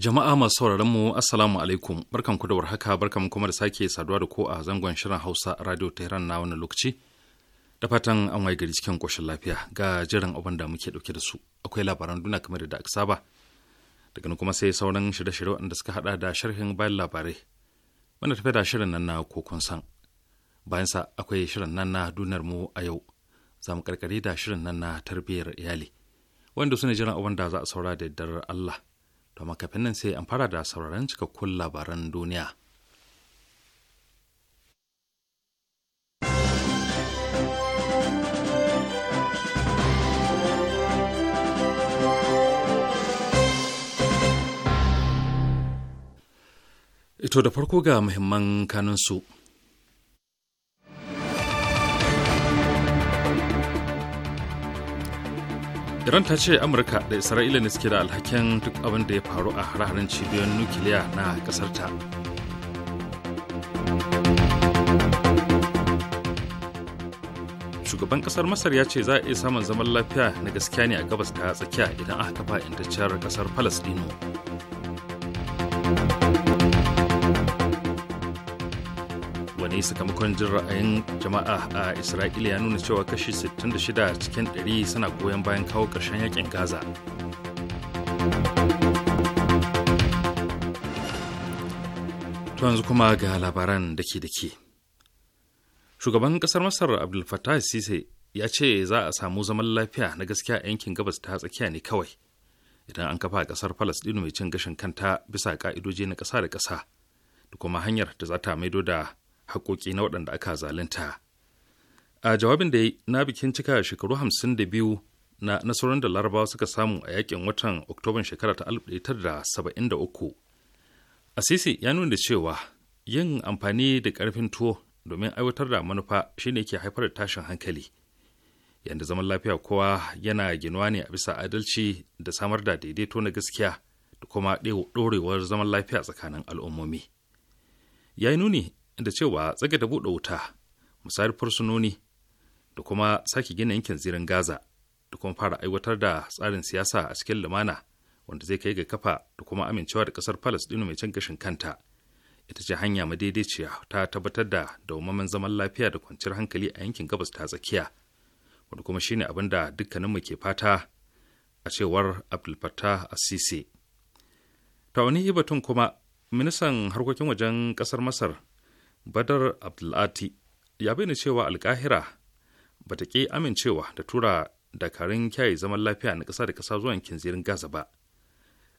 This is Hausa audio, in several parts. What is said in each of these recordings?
Jama'a masu sauraron mu Assalamu alaikum barkan ku da warhaka barkan kuma da sake saduwa da ko a zangon shirin Hausa Radio Tehran na wannan lokaci. Da fatan an waye gari cikin koshin lafiya ga jiran abin da muke dauke da su. Akwai labaran duna kamar da aka saba. Daga nan kuma sai sauran shirye-shirye waɗanda suka hada da sharhin bayan labarai. Wanda tafi da shirin nan na kokon san. Bayan sa akwai shirin nan na dunar mu a yau. Za mu karkare da shirin nan na tarbiyyar iyali. Wanda su ne jiran abin da za a saura da daddar Allah. to kafin nan sai an fara da sauraron cikakkun labaran duniya. Ito da farko ga muhimman kanunsu. iran ta ce amurka da isra'ila ne suke da alhakin duk abin da ya faru a hare-haren cibiyoyin nukiliya na ƙasarta shugaban ƙasar masar ya ce za a iya samun zaman lafiya na gaskiya ne a gabas ta tsakiya idan aka kafa intacciyar ƙasar palestino wani sakamakon jin ra'ayin jama'a a isra'ila ya nuna cewa kashi 66 cikin 100 suna goyon bayan kawo ƙarshen yakin gaza to yanzu kuma ga labaran da dake shugaban kasar masar abdul fattah sise ya ce za a samu zaman lafiya na gaskiya a yankin gabas ta tsakiya ne kawai idan an kafa kasar palestine mai cin gashin kanta bisa ka'idoji na ƙasa da ƙasa da kuma hanyar da za ta maido da haƙoƙi na waɗanda aka zalunta a jawabin da na bikin cika shekaru hamsin da biyu na nasarorin da larabawa suka samu a yakin watan oktoban shekara ta alif ɗaya da da saba'in uku, asisi ya nuna cewa yin amfani da ƙarfin tuwo domin aiwatar da manufa shine ke haifar da tashin hankali yanda zaman lafiya kowa yana ginuwa ne a bisa adalci da samar da daidaito na gaskiya da kuma ɗorewar zaman lafiya tsakanin al'ummomi ya yi nuni da cewa tsage da buɗe wuta musayar fursunoni da kuma sake gina yankin zirin gaza da kuma fara aiwatar da tsarin siyasa a cikin lumana wanda zai kai ga kafa da kuma amincewa da ƙasar palestino mai cin gashin kanta ita ce hanya madaidaiciya ta tabbatar da dawwammamen zaman lafiya da kwanciyar hankali a yankin gabas ta tsakiya wanda kuma shine abin da dukkaninmu ke fata a cewar abdulfattah assisi ta wani ibatun kuma ministan harkokin wajen ƙasar masar badar abdulati ya bayyana cewa alkahira ba ta ƙi amincewa da tura dakarun kyaye zaman lafiya na ƙasa da ƙasa zuwa zirin gaza ba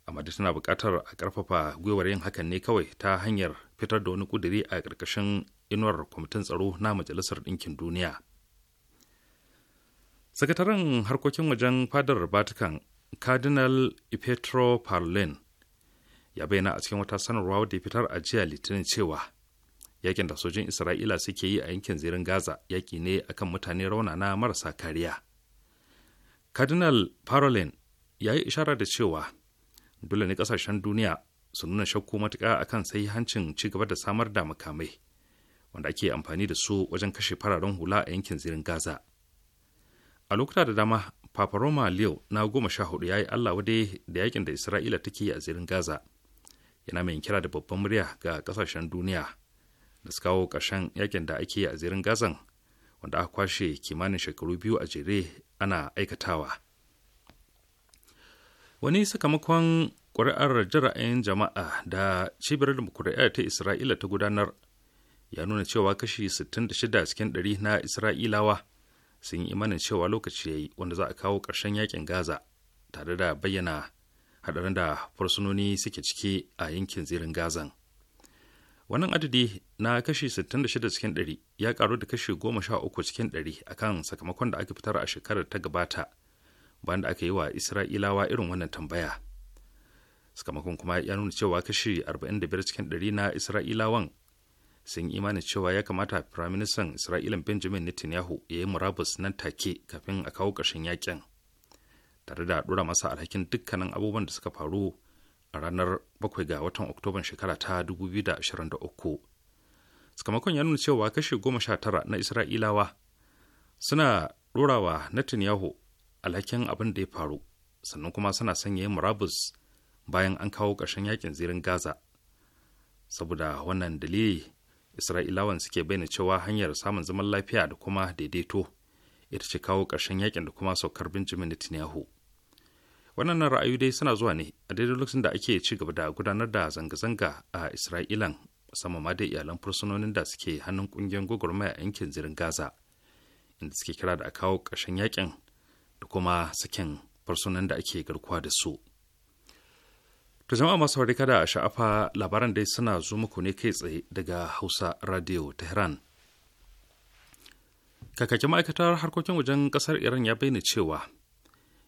amma da tana buƙatar a ƙarfafa gwiwar yin hakan ne kawai ta hanyar fitar da wani ƙuduri a ƙarƙashin inuwar kwamitin tsaro na majalisar ɗinkin duniya sakataren harkokin wajen fadar vatican cardinal petro parlin ya bayyana a cikin wata sanarwa da ya fitar a litinin cewa yakin da sojin isra'ila suke yi a yankin zirin gaza yaki ne akan mutane na marasa kariya cardinal parolin ya yi ishara da cewa dole ne kasashen duniya su nuna shakku matuƙa akan sai hancin ci gaba da samar da makamai wanda ake amfani da su wajen kashe fararen hula a yankin zirin gaza a lokuta da dama papa roma leo na goma sha hudu ya yi allah wadai da yakin da isra'ila take yi a zirin gaza yana mai kira da babban murya ga kasashen duniya da su kawo ƙarshen yakin da ake a zirin gazan wanda aka kwashe kimanin shekaru biyu a jere ana aikatawa wani sakamakon ƙuri'ar jira'ayin jama'a da cibiyar demokuraɗiyya ta isra'ila ta gudanar ya nuna cewa kashi 66 cikin 100 na isra'ilawa sun yi imanin cewa lokaci ya yi wanda za a kawo ƙarshen yakin gaza tare da bayyana haɗarin da fursunoni suke ciki a yankin zirin gazan wannan adadi na kashi 66 cikin 100 ya karu da kashi 13 cikin 100 akan sakamakon da aka fitar a shekarar ta gabata bayan da aka yi wa isra'ilawa irin wannan tambaya sakamakon kuma ya nuna cewa kashi 45 cikin 100 na isra'ilawan sun yi imanin cewa ya kamata firaministan isra'ila benjamin netanyahu ya yi murabus nan take kafin a kawo ƙarshen yakin tare da ɗora masa alhakin dukkanin abubuwan da suka faru a ranar 7 ga watan oktoban shekara ta 2023 sakamakon ya nuna cewa kashi 19 na isra'ilawa suna ɗorawa netanyahu alhakin abin da ya faru sannan kuma suna sanya murabus bayan an kawo ƙarshen yakin zirin gaza saboda wannan dalili isra'ilawan suke bayyana cewa hanyar samun zaman lafiya da kuma daidaito ita ce kawo ƙarshen yakin da kuma saukar benjamin netanyahu waɗannan ra'ayi dai suna zuwa ne a daidai lokacin da ake ci gaba da gudanar da zanga-zanga a isra'ilan musamman ma da iyalan fursunonin da suke hannun ƙungiyar gwagwarmaya a yankin zirin gaza inda suke kira da a kawo ƙarshen yakin da kuma sakin fursunan da ake garkuwa da su to jama'a masu kada a sha'afa labaran dai suna zo muku ne kai tsaye daga hausa radio tehran kakakin ma'aikatar harkokin wajen ƙasar iran ya bayyana cewa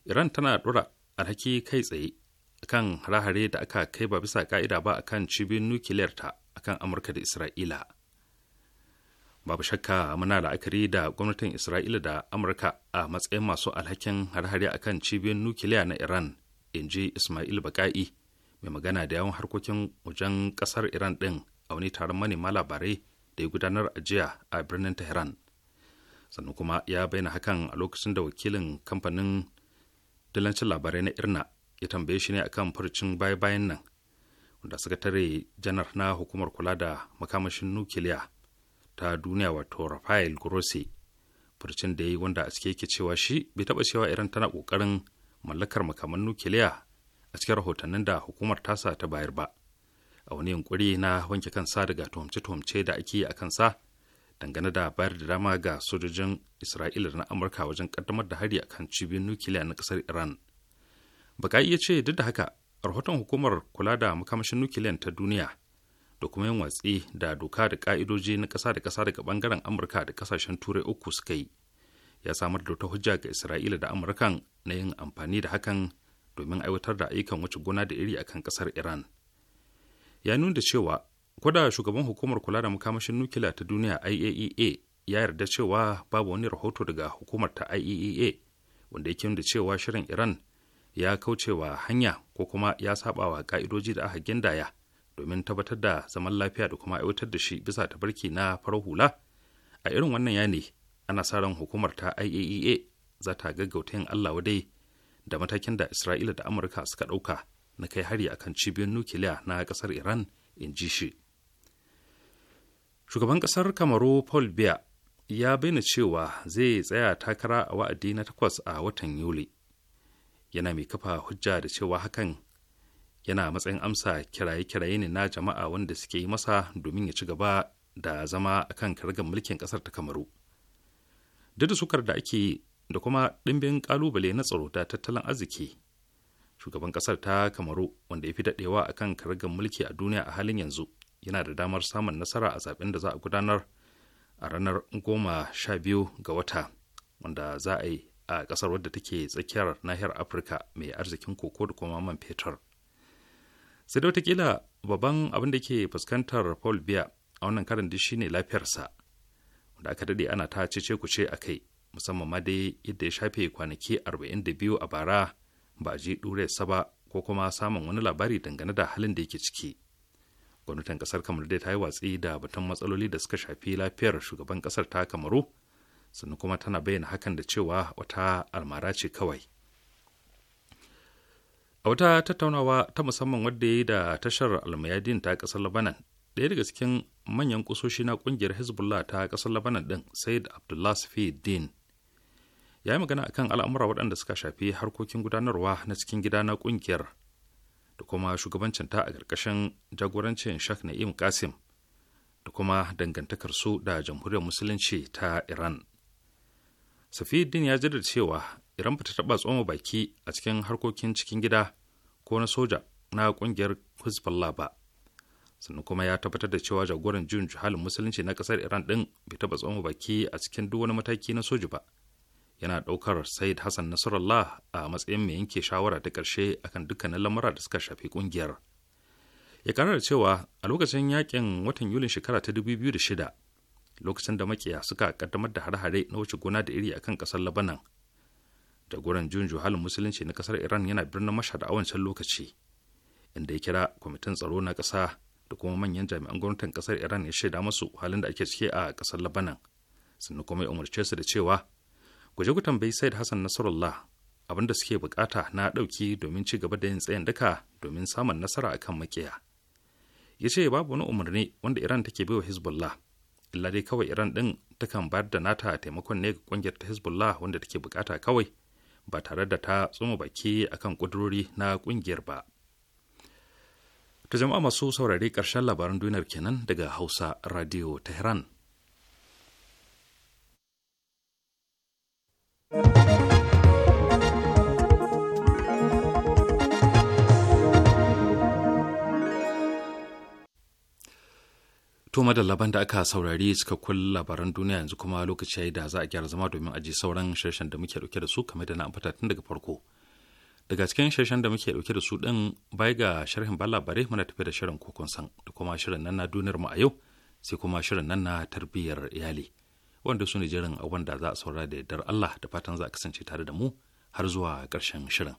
iran tana ɗora alhaki kai tsaye kan harahare da aka kai ba bisa ka'ida ba akan cibin nukiliyar ta akan amurka da isra'ila babu shakka muna la'akari da gwamnatin isra'ila da amurka a matsayin masu alhakin harahare a akan cibiyar nukiliya na iran in ji ismail baka'i mai magana da yawan harkokin wajen ƙasar iran ɗin a wani taron manema labarai da ya gudanar a jiya a birnin tehran sannan kuma ya bayyana hakan a lokacin da wakilin kamfanin dalancin labarai na irna ya tambaye shi ne akan farcin baya-bayan nan wanda sakatare janar na hukumar kula da makamashin nukiliya ta duniya wato rafael grossi furcin da ya yi wanda a cike yake cewa shi bai taba cewa iran tana kokarin mallakar makaman nukiliya a cikin rahotannin da hukumar tasa ta bayar ba a wani yunkuri na wanke kansa daga tuhumce-tuhumce da ake yi a kansa dangane da bayar da dama ga sojojin isra'ila na amurka wajen kaddamar da hari akan cibiyar nukiliya na kasar iran baka iya ce duk da haka rahoton hukumar kula da makamashin nukiliyan ta duniya da kuma yin watsi da doka da ka'idoji na ƙasa da kasa daga bangaren amurka da kasashen turai uku suka yi ya samar da wata hujja ga isra'ila da amurka na yin amfani da hakan domin aiwatar da ayyukan wuce gona da iri akan kasar iran ya nuna cewa Kwada shugaban hukumar kula da makamashin nukila ta duniya IAEA e ya yarda cewa babu wani rahoto daga hukumar ta IAEA e wanda yake nuna cewa shirin Iran ya kaucewa hanya ko kuma ya sabawa ka'idoji da aka gindaya domin tabbatar da zaman lafiya da kuma aiwatar da shi bisa barki na farar hula a irin wannan yani ana sa ran hukumar ta IAEA e za ta gaggauta yin Allah wadai da matakin da Isra'ila da Amurka suka ɗauka na kai hari akan cibiyoyin nukiliya na ƙasar Iran in ji shi. shugaban ƙasar kamaru paul biya ya bayyana cewa zai tsaya takara a wa'adi na takwas a watan yuli yana mai kafa hujja da cewa hakan yana matsayin amsa kiraye-kiraye ne na jama'a wanda suke yi masa domin ya ci gaba da zama a akan kargar mulkin ƙasar ta kamaru duk da sukar da ake da kuma ɗimbin ƙalubale na tsaro da tattalin arziki shugaban ƙasar ta kamaru wanda ya fi daɗewa akan kargar mulki a duniya a halin yanzu yana da damar samun nasara a zaɓen da za a gudanar a ranar goma sha biyu ga wata wanda za a yi a ƙasar wadda take tsakiyar nahiyar afirka mai arzikin koko da kuma man fetur sai da watakila babban abin da ke fuskantar paul biya a wannan karin da shine lafiyarsa wanda aka dade ana ta cece kuce a kai musamman ma dai yadda ya shafe kwanaki arba'in da biyu a bara ba a ji ɗure ba ko kuma samun wani labari dangane da halin da yake ciki gwamnatin kasar kamar dai ta yi watsi da batun matsaloli da suka shafi lafiyar shugaban kasar ta kamaru sannan kuma tana bayyana hakan da cewa wata almara ce kawai a wata tattaunawa ta musamman wadda ya yi da tashar almayadin ta kasar labanan ɗaya daga cikin manyan kusoshi na kungiyar hezbollah ta kasar labanan ɗin said abdullah din ya yi magana akan al'amura waɗanda suka shafi harkokin gudanarwa na cikin gida na kungiyar. da kuma shugabancinta a ƙarƙashin jagorancin Sheikh Na'im Qasim da kuma dangantakarsu da jamhuriyar musulunci ta Iran. Safiuddin ya jaddada cewa Iran ba ta taɓa tsoma baki a cikin harkokin cikin gida ko na soja na ƙungiyar Hezbollah ba. Sannan kuma ya tabbatar da cewa jagoran juyin juhalin musulunci na ƙasar Iran ɗin bai taɓa tsoma baki a cikin duk wani mataki na soja ba. yana ɗaukar Said Hassan Nasrallah a matsayin mai yanke shawara ta ƙarshe akan dukkanin lamura da suka shafi ƙungiyar. Ya ƙara da cewa a lokacin yakin watan Yulin shekara ta 2006 lokacin da makiya suka ƙaddamar da hare-hare na wuce gona da iri akan ƙasar Labanan. Jagoran junju halin musulunci na ƙasar Iran yana birnin Mashhad a wancan lokaci inda ya kira kwamitin tsaro na ƙasa da kuma manyan jami'an gwamnatin ƙasar Iran ya shaida musu halin da ake ciki a ƙasar Labanan. Sannan kuma ya umarce su da cewa ku ku tambayi Said Hassan Nasrullah abin da suke bukata na dauki domin ci gaba da yin tsayin daka domin samun nasara akan makiya. Ya ce babu wani umarni wanda Iran take wa Hezbollah, illa dai kawai Iran ɗin takan bayar da nata taimakon ne ga ƙungiyar ta Hezbollah wanda take bukata kawai ba tare da ta tsoma baki akan kudurori na ƙungiyar ba. To jama'a masu saurare karshen labaran duniyar kenan daga Hausa Radio Tehran. laban da aka saurari suka cikakkun labaran duniya yanzu kuma lokaci yayi da za a gyara zama domin aji sauran sharshen da muke dauke da su kamar da na amfata tun daga farko. Daga cikin sharshen da muke dauke da su din bai ga sharhin ba labarai muna tafi da shirin kokon san da kuma shirin nan na duniyar mu a yau sai kuma shirin nan na tarbiyyar iyali wanda su ne jirin abin da za a saurara da yardar Allah da fatan za a kasance tare da mu har zuwa ƙarshen shirin.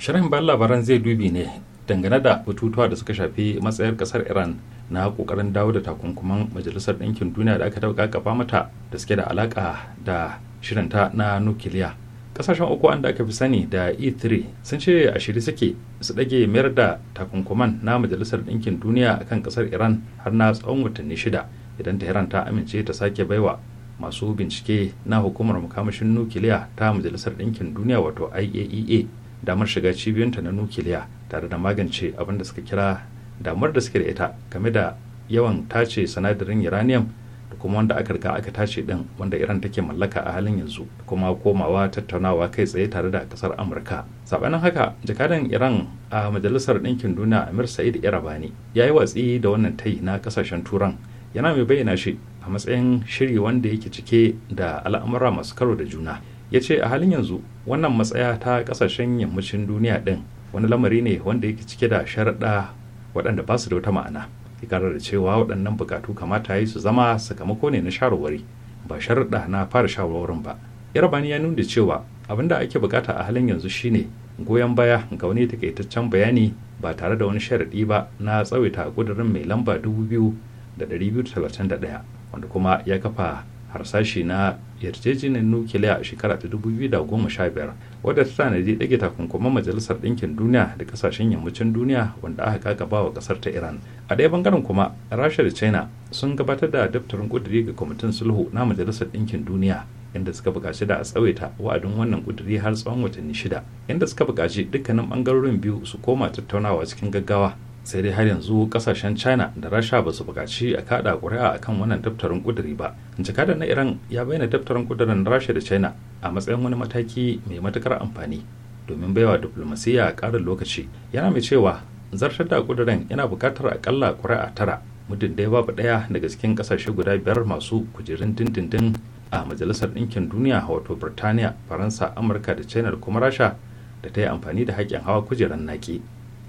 sharhin bayan labaran zai dubi ne dangane da batutuwa da suka shafi matsayar kasar iran na kokarin dawo da takunkuman majalisar ɗinkin duniya da aka dauka kafa mata da suke da alaka da shirinta na nukiliya kasashen uku wanda aka fi sani da e3 sun ce a shiri suke su ɗage mayar da takunkuman na majalisar ɗinkin duniya akan kasar iran har na tsawon watanni shida idan tehran ta amince ta sake baiwa masu bincike na hukumar mukamashin nukiliya ta majalisar ɗinkin duniya wato iaea e damar shiga cibiyunta na nukiliya tare da magance abin da suka kira damar da suke da ita game da yawan tace sinadarin uranium da kuma wanda aka riga aka tace din wanda iran take mallaka a halin yanzu da kuma komawa tattaunawa kai tsaye tare da kasar amurka sabanin haka jakadan iran a majalisar ɗinkin duniya amir sa'id irabani ya yi watsi da wannan tayi na kasashen turan yana mai bayyana shi a matsayin shiri wanda yake cike da al'amura masu karo da juna ya ce a halin yanzu wannan matsaya ta kasashen yammacin duniya din wani lamari ne wanda yake cike da sharaɗa waɗanda ba su da wata ma'ana ikarar da cewa waɗannan bukatu kamata yi su zama sakamako ne na shawarwari ba sharaɗa na fara shawarwarin ba yarabani ya nuna cewa abin da ake bukata a halin yanzu shine goyon baya ga wani takaitaccen bayani ba tare da wani sharaɗi ba na tsawaita ƙudurin mai lamba 2231 wanda kuma ya kafa harsashi na yarjejeniyar nukiliya a shekara ta 2015 wadda ta tanadi dage takunkuman majalisar ɗinkin duniya da ƙasashen yammacin duniya wanda aka kakaba wa ƙasar ta iran a ɗaya bangaren kuma rasha da china sun gabatar da daftarin ƙuduri ga kwamitin sulhu na majalisar ɗinkin duniya inda suka bukaci da a tsawaita wa'adin wannan ƙuduri har tsawon watanni shida inda suka bukaci dukkanin bangarorin biyu su koma tattaunawa cikin gaggawa sai dai har yanzu kasashen china da rasha ba su bukaci a kada kuri'a akan wannan daftarin ƙuduri ba jakadar na iran ya bayyana daftarin ƙudurin rasha da china a matsayin wani mataki mai matukar amfani domin baiwa diplomasiya karin lokaci yana mai cewa zartar da kudurin yana bukatar akalla kuri'a tara muddin dai babu ɗaya daga cikin ƙasashe guda biyar masu kujerun dindindin a majalisar ɗinkin duniya wato birtaniya faransa amurka da china da kuma rasha da ta yi amfani da haƙƙin hawa kujerun naki.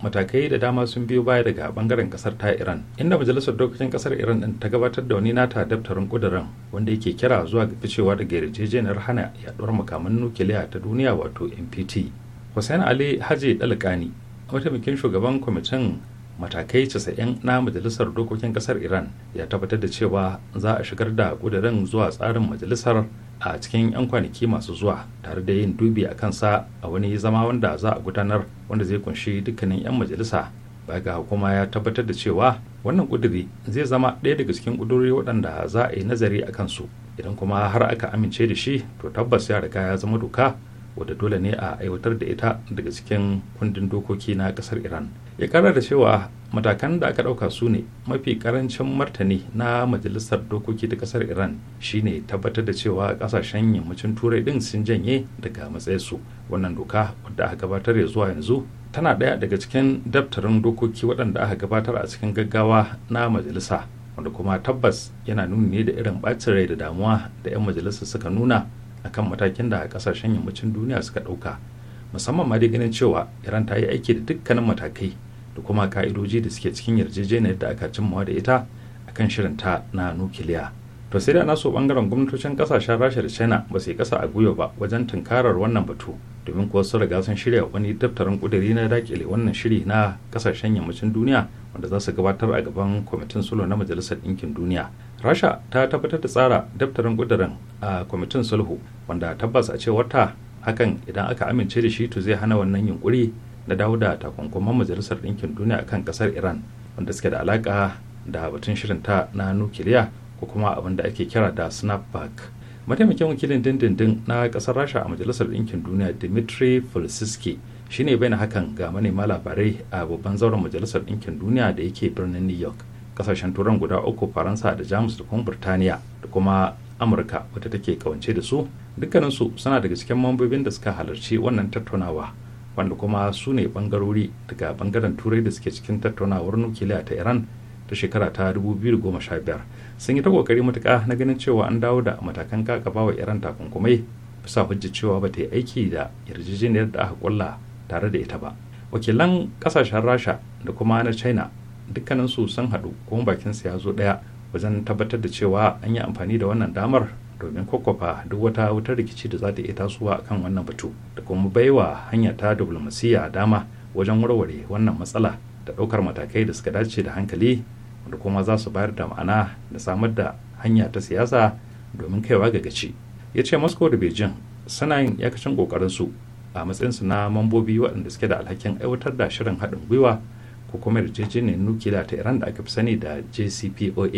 matakai da dama sun biyo baya daga bangaren kasar ta iran inda majalisar dokokin kasar iran din ta gabatar da wani nata daftarin kudirin wanda yake kira zuwa ga ficewa daga yarjejeniyar hana yaduwar makaman nukiliya ta duniya wato npt hussein ali haji dalakani mataimakin shugaban kwamitin matakai casa'in na majalisar dokokin kasar iran ya tabbatar da cewa za a shigar da kudirin zuwa tsarin majalisar a cikin 'yan kwanaki masu zuwa tare da yin dubi a kansa a wani zama wanda za a gudanar wanda zai kunshi dukkanin 'yan majalisa baya ga hukuma ya tabbatar da cewa wannan ƙuduri zai zama ɗaya daga cikin ƙudurori waɗanda za a yi nazari a kansu idan kuma har aka amince da shi to tabbas ya riga ya zama doka wadda dole ne a aiwatar da ita daga cikin kundin dokoki na ƙasar iran ya kara da cewa matakan da aka ɗauka su ne mafi karancin martani na majalisar dokoki ta ƙasar iran shine tabbatar da cewa ƙasashen yammacin turai ɗin sun janye daga matsayinsu wannan doka wadda aka gabatar ya zuwa yanzu tana ɗaya daga cikin daftarin dokoki waɗanda aka gabatar a cikin gaggawa na majalisa wanda kuma tabbas yana nuni ne da irin ɓacin rai da damuwa da 'yan majalisa suka nuna akan matakin da ƙasashen yammacin duniya suka ɗauka musamman ma dai ganin cewa iran ta yi aiki da dukkanin matakai da kuma ka'idoji da suke cikin yarjejeniyar da aka cimmawa da ita akan shirin ta na nukiliya to sai da naso bangaren gwamnatocin kasashen rasha da china ba su kasa a gwiwa ba wajen tunkarar wannan batu domin kuwa sun riga sun shirya wani daftarin kuduri na dakile wannan shiri na kasashen yammacin duniya wanda za su gabatar a gaban kwamitin sulhu na majalisar ɗinkin duniya rasha ta tabbatar da tsara daftarin kudirin a kwamitin sulhu wanda tabbas a cewar ta hakan idan aka amince da shi to zai hana wannan yunkuri na dawo da takunkuman majalisar ɗinkin duniya kan ƙasar iran wanda suke da alaƙa da batun shirin ta na nukiliya ko kuma abin da ake kira da snapback mataimakin wakilin dindindin na ƙasar rasha a majalisar ɗinkin duniya dimitri fulsiski shine bayan hakan ga manema labarai a babban zauren majalisar ɗinkin duniya da yake birnin new york kasashen turan guda uku faransa da jamus da kuma burtaniya da kuma amurka wata take kawance da su dukkaninsu suna daga cikin mambobin da suka halarci wannan tattaunawa wanda kuma su ne bangarori daga bangaren turai da suke cikin tattaunawar nukiliya ta iran ta shekara ta 2015 sun yi ta kokari matuka na ganin cewa an dawo da matakan kakaba wa iran takunkumai bisa hujji cewa ba ta yi aiki da yarjejeniyar da aka kulla tare da ita ba wakilan kasashen rasha da kuma na china su sun haɗu kuma bakin su ya zo ɗaya wajen tabbatar da cewa an yi amfani da wannan damar domin kwakwafa duk wata wutar rikici da za ta iya tasowa kan wannan batu da kuma baiwa hanya ta diplomasiya dama wajen warware wannan matsala da ɗaukar matakai da suka dace da hankali da kuma za su bayar da ma'ana da samar da hanya ta siyasa domin kaiwa ga gaci ya ce moscow da beijing suna yin yakacin kokarin su a matsayinsu na mambobi waɗanda suke da alhakin aiwatar da shirin haɗin gwiwa ko kuma yarjejeniyar nukiliya ta iran da aka fi sani da jcpoa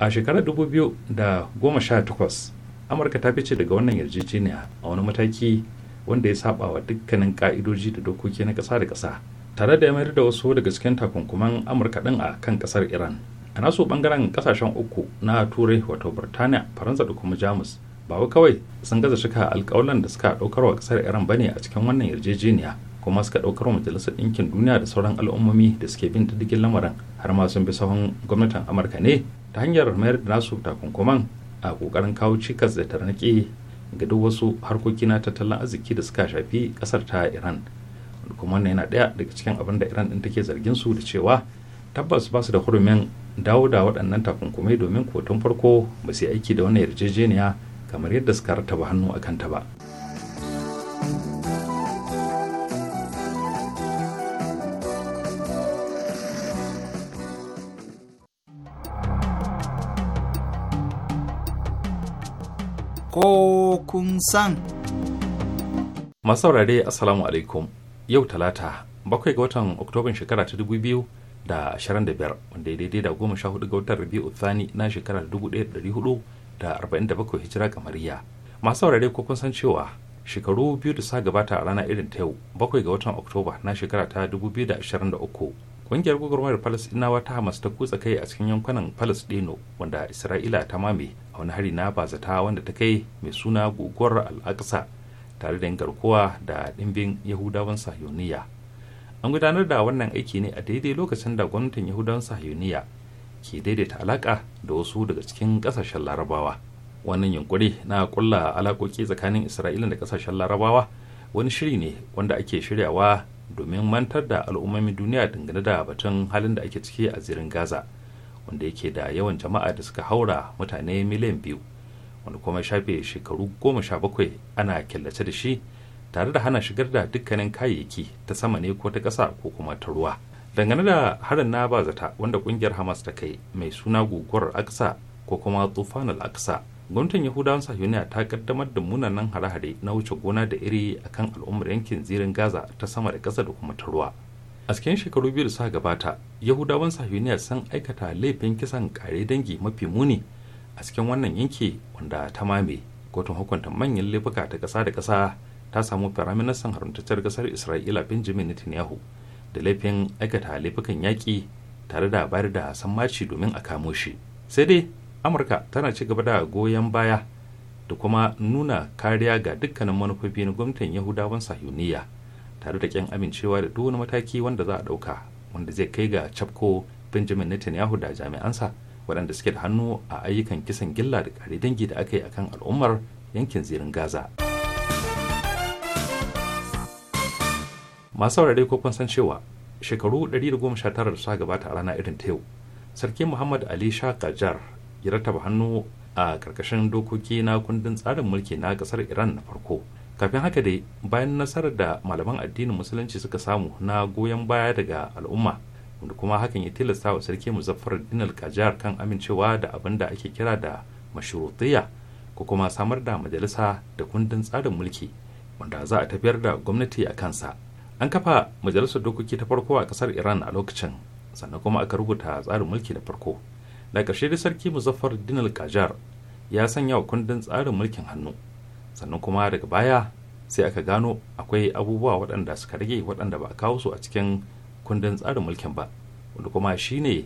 a shekarar 2018 amurka ta fice daga wannan yarjejeniya a wani mataki wanda ya saba wa dukkanin ka'idoji da dokoki na ƙasa da ƙasa tare da ya mayar da wasu daga cikin takunkuman amurka ɗin a kan ƙasar iran a naso bangaren ƙasashen uku na turai wato birtaniya faransa da kuma jamus ba wai kawai sun gaza cika alƙawalan da suka ɗaukar wa ƙasar iran bane a cikin wannan yarjejeniya kuma suka ɗaukar wa majalisar ɗinkin duniya da sauran al'ummomi da suke bin diddigin lamarin har ma sun bi sahun gwamnatin amurka ne ta hanyar mayar da nasu takunkuman a kokarin kawo cikas da tarnaƙi ga duk wasu harkoki na tattalin arziki da suka shafi kasar ta iran kuma wannan yana ɗaya daga cikin abin da iran ɗin take zargin su da cewa tabbas ba su da hurumin dawo da waɗannan takunkumai domin kotun farko ba su yi aiki da wannan yarjejeniya kamar yadda suka rataba hannu a kanta ba. ko kun san. Masu saurare Assalamu alaikum yau talata bakwai ga watan Oktoban shekara ta dubu biyu da ashirin da biyar wanda ya daidai da goma sha hudu ga watan Rabi'u Thani na shekara da dubu ɗaya da dari hudu da arba'in da bakwai hijira kamariya. Masu saurare ko kun san cewa shekaru biyu da sa gabata a rana irin ta yau bakwai ga watan Oktoba na shekara ta dubu biyu da ashirin da uku ƙungiyar gwagwarmayar falasɗinawa ta hamas ta kutsa kai a cikin yankunan Falasɗinu wanda isra'ila ta mame a wani hari na bazata wanda ta kai mai suna guguwar al'aqsa tare da garkuwa da dimbin yahudawan sahiyoniya an gudanar da wannan aiki ne a daidai lokacin da gwamnatin yahudawan sahiyoniya ke daidaita alaka da wasu daga cikin ƙasashen larabawa wannan yunkuri na kulla alakoki tsakanin isra'ila da ƙasashen larabawa wani shiri ne wanda ake shiryawa domin mantar da al'ummomin duniya dangane da batun halin da ake ciki a zirin gaza wanda yake da yawan jama'a da suka haura mutane miliyan biyu wanda kuma shafe shekaru goma sha bakwai ana killace da shi tare da hana shigar da dukkanin kayayyaki ta sama ne ko ta ƙasa ko kuma ta ruwa dangane da harin na bazata wanda ƙungiyar hamas ta kai mai suna guguwar aksa ko kuma tufan aksa gwamnatin yahudawan sahiyoniya ta kaddamar da munanan hare-hare na wuce gona da iri a kan al'ummar yankin zirin gaza ta sama da ƙasa da kuma ta ruwa a cikin shekaru biyu da suka gabata yahudawan sahiyoniya sun aikata laifin kisan kare dangi mafi muni a cikin wannan yanki wanda ta mame kotun hukunta manyan laifuka ta ƙasa da ƙasa ta samu firaministan haramtacciyar kasar isra'ila benjamin netanyahu da laifin aikata laifukan yaƙi tare da bayar da sammaci domin a kamo shi sai dai amurka tana ci gaba da goyon baya da kuma nuna kariya ga dukkanin manufofi na gwamnatin yahudawan sahuniya tare da kyan amincewa da duk wani mataki wanda za a ɗauka wanda zai kai ga cafko benjamin netanyahu da jami'ansa waɗanda suke da hannu a ayyukan kisan gilla da kare dangi da aka yi akan al'ummar yankin zirin gaza masu saurare ko kun san cewa shekaru 119 da suka gabata a rana irin ta yau sarki muhammad ali shah qajar ya rattaba hannu a karkashin dokoki na kundin tsarin mulki na kasar iran na farko kafin haka dai bayan nasarar da malaman addinin musulunci suka samu na goyon baya daga al'umma wanda kuma hakan ya tilasta wa sarki muzaffar dinar kajar kan amincewa da abin da ake kira da mashurutiya ko kuma samar da majalisa da kundin tsarin mulki wanda za a tafiyar da gwamnati a kansa an kafa majalisar dokoki ta farko a kasar iran a lokacin sannan kuma aka rubuta tsarin mulki na farko da ƙarshe da sarki muzaffar dinar kajar ya sanya wa kundin tsarin mulkin hannu sannan kuma daga baya sai aka gano akwai abubuwa waɗanda suka rage waɗanda ba a kawo su a cikin kundin tsarin mulkin ba wanda kuma shi ne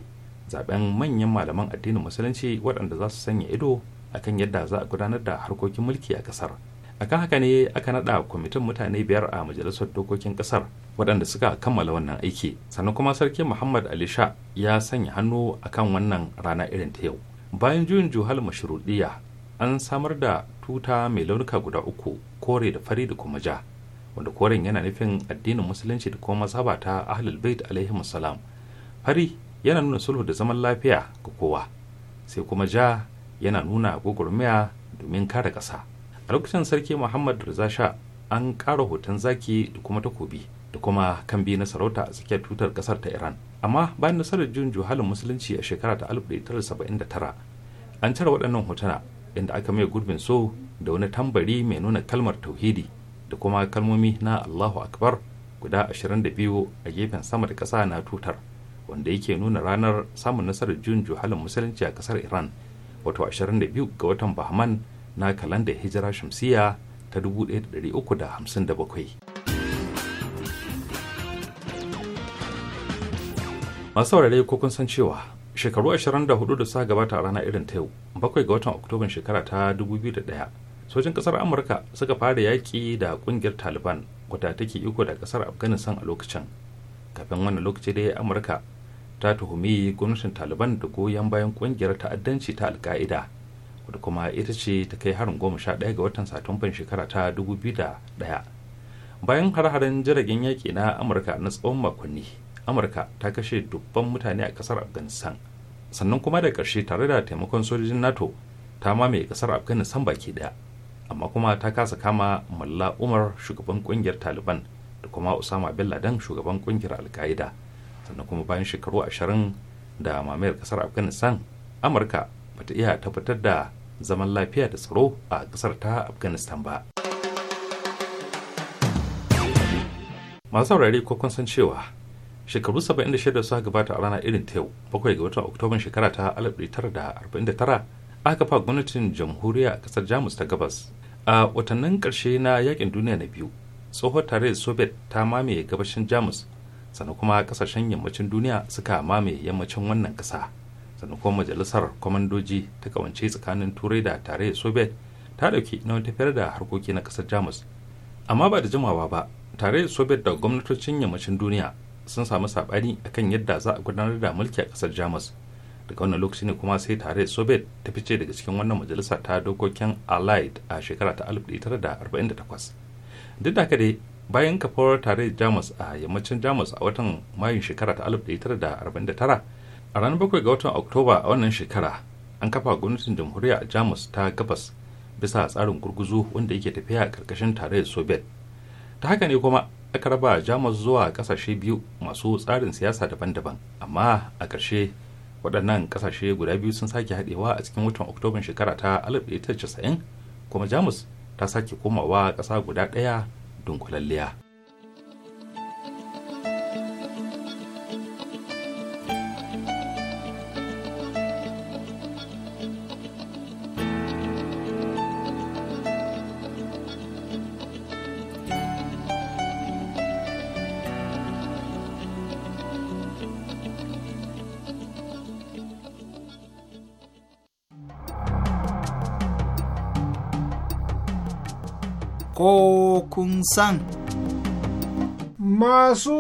zaben manyan malaman addinin musulunci waɗanda za su sanya ido akan yadda za a gudanar da harkokin mulki a ƙasar. akan haka ne aka naɗa kwamitin mutane biyar a majalisar dokokin ƙasar waɗanda suka kammala wannan aiki sannan kuma sarki muhammad ali sha ya sanya hannu a kan wannan rana irin ta yau bayan juyin juhal mashruɗiya an samar da tuta mai launuka guda uku kore da fari da kuma ja wanda koren yana nufin addinin musulunci da kuma mazhaba ta ahlul bait alaihi salam fari yana nuna sulhu da zaman lafiya ga kowa sai kuma ja yana nuna gwagwarmaya domin kare ƙasa a lokacin sarki muhammad rizasha an kara hoton zaki da kuma takobi da kuma kambi na sarauta a tsakiyar tutar ƙasar ta iran amma bayan nasarar jin juhalin musulunci a shekara ta 1979 an cire waɗannan hotuna inda aka mai gurbin so da wani tambari mai nuna kalmar tauhidi da kuma kalmomi na allahu akbar guda 22 a gefen sama da ƙasa na tutar wanda yake nuna ranar samun nasarar jin juhalin musulunci a ƙasar iran wato 22 ga watan bahman na kalanda hijira shamsiya ta 1357 masu saurari ko kun san cewa shekaru 24 da sa gabata a rana irin ta yau bakwai ga watan oktoban shekara ta 2001 sojin kasar amurka suka fara yaƙi da kungiyar taliban wata take iko da kasar afghanistan a lokacin kafin wannan lokaci dai amurka ta tuhumi gwamnatin taliban da goyon bayan kungiyar ta'addanci ta alka'ida wadda kuma ita ce ta kai harin goma sha ɗaya ga watan satumban shekara ta dubu biyu da ɗaya bayan har-haren jiragen yaƙi na amurka na tsawon makonni amurka ta kashe dubban mutane a ƙasar afghanistan sannan kuma da ƙarshe tare da taimakon sojojin nato ta mamaye ƙasar afghanistan baki ɗaya amma kuma ta kasa kama malla umar shugaban ƙungiyar taliban da kuma usama bin laden shugaban ƙungiyar alka'ida sannan kuma bayan shekaru ashirin da mamayar ƙasar afghanistan amurka bata iya tabbatar da zaman lafiya da tsaro a kasar ta afghanistan ba masu saurari ko kun san cewa shekaru 76 suka gabata a rana irin ta yau bakwai ga watan oktoban shekara ta 1949 aka fa gwamnatin jamhuriya a kasar jamus ta gabas a watannin karshe na yakin duniya na biyu tsohon tare soviet ta mamaye gabashin jamus sannan kuma kasashen yammacin duniya suka mamaye yammacin wannan ƙasa. sannan majalisar kwamandoji ta kawance tsakanin turai da tarayyar soviet ta dauki na tafiyar da harkoki na kasar jamus amma ba da jimawa ba tarayyar soviet da gwamnatocin yammacin duniya sun samu sabani akan yadda za a gudanar da mulki a kasar jamus daga wannan lokaci ne kuma sai tarayyar soviet ta fice daga cikin wannan majalisa ta dokokin allied a shekara ta 1948 duk da haka dai bayan kafawar tarayyar jamus a yammacin jamus a watan mayun shekara ta 1949 a ranar bakwai ga watan oktoba a wannan shekara an kafa gwamnatin jamhuriya jamus ta gabas bisa tsarin gurguzu wanda yake tafiya a karkashin tarayyar soviet ta haka ne kuma aka raba jamus zuwa kasashe biyu masu tsarin siyasa daban-daban amma a ƙarshe waɗannan ƙasashe guda biyu sun sake haɗewa a cikin watan oktoban shekara ta 1990 kuma jamus ta sake komawa ƙasa guda ɗaya dunkulalliya. kun san. Masu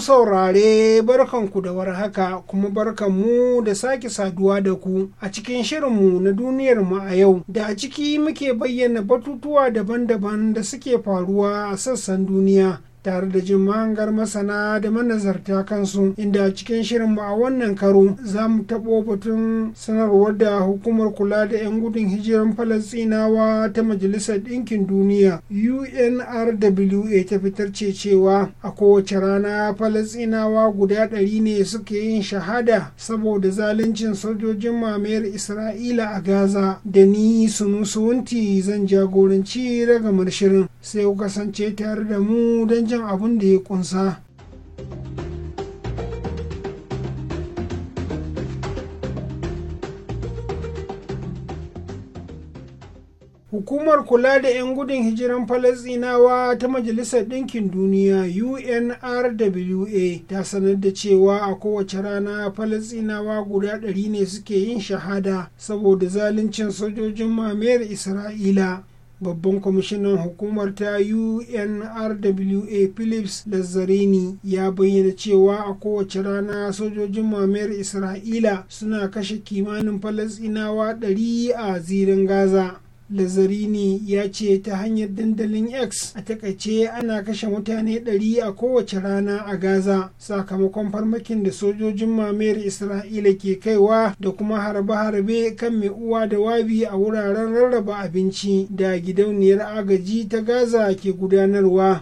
saurare barkanku da warhaka kuma barkanmu da sake saduwa da ku a cikin shirinmu na duniyarmu a yau da a ciki muke bayyana batutuwa daban-daban da suke faruwa a sassan duniya tare da jin mahangar masana da manazarta kansu inda cikin shirinmu a wannan karo za mu taɓo batun sanarwar da hukumar kula da 'yan gudun hijiran falasinawa ta majalisar ɗinkin duniya unrwa ta fitar ce cewa a kowace rana falasinawa guda ɗari ne suke yin shahada saboda zaluncin sojojin mamayar isra'ila a gaza da ni sunusuwunti zan jagoranci ragamar shirin sai ku kasance tare da mu don jan abin da ya kunsa Hukumar kula da 'yan gudun hijiran Falasinawa ta Majalisar Ɗinkin Duniya UNRWA ta sanar da cewa a kowace rana falasinawa guda ɗari ne suke yin shahada saboda zaluncin sojojin mamayar Isra'ila. babban kwamishinan hukumar ta unrwa philips lazzarini ya bayyana cewa a kowace rana sojojin mamayar isra'ila suna kashe kimanin falasinawa 100 a zirin gaza lazarini ya ce ta hanyar dandalin X a takaice ana kashe mutane 100 a kowace rana a Gaza sakamakon farmakin da sojojin mamayar Isra'ila ke kaiwa da kuma harbe-harbe kan mai uwa da wabi a wuraren rarraba abinci da gidauniyar agaji ta Gaza ke gudanarwa.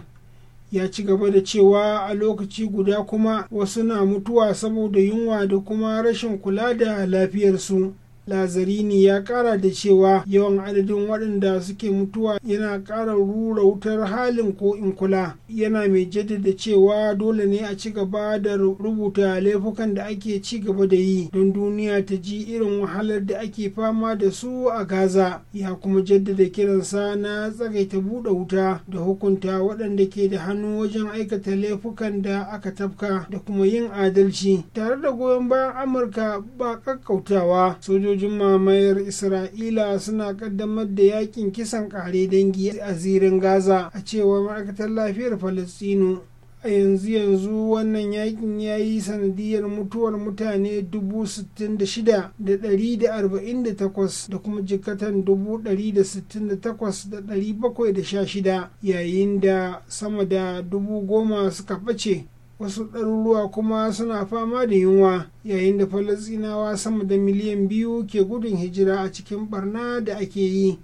ya ci gaba da cewa a lokaci guda kuma wasu na mutuwa saboda yunwa da kuma rashin kula da lafiyarsu. lazarini ya kara da cewa yawan adadin waɗanda suke mutuwa yana ƙara rura wutar halin ko in kula yana mai jaddada cewa dole ne a ci gaba da rubuta laifukan da ake ci gaba da yi don duniya ta ji irin wahalar da ake fama da su a gaza ya kuma jaddada kiransa na tsagaita buɗe wuta da hukunta waɗanda ke da hannu wajen aikata laifukan da aka tafka da kuma yin adalci tare da goyon bayan amurka ba kakkautawa sojoji sojojin mamayar isra'ila suna kaddamar da yakin kisan kare dangi a zirin gaza a cewa ma'aikatar lafiyar falastino a yanzu yanzu wannan yakin ya yi sanadiyar mutuwar mutane 66,148 da kuma jikatan 168,716 yayin da sama da 10,000 suka ɓace wasu ɗaruruwa kuma suna fama da yunwa yayin da falasinawa sama da miliyan biyu ke gudun hijira a cikin barna da ake yi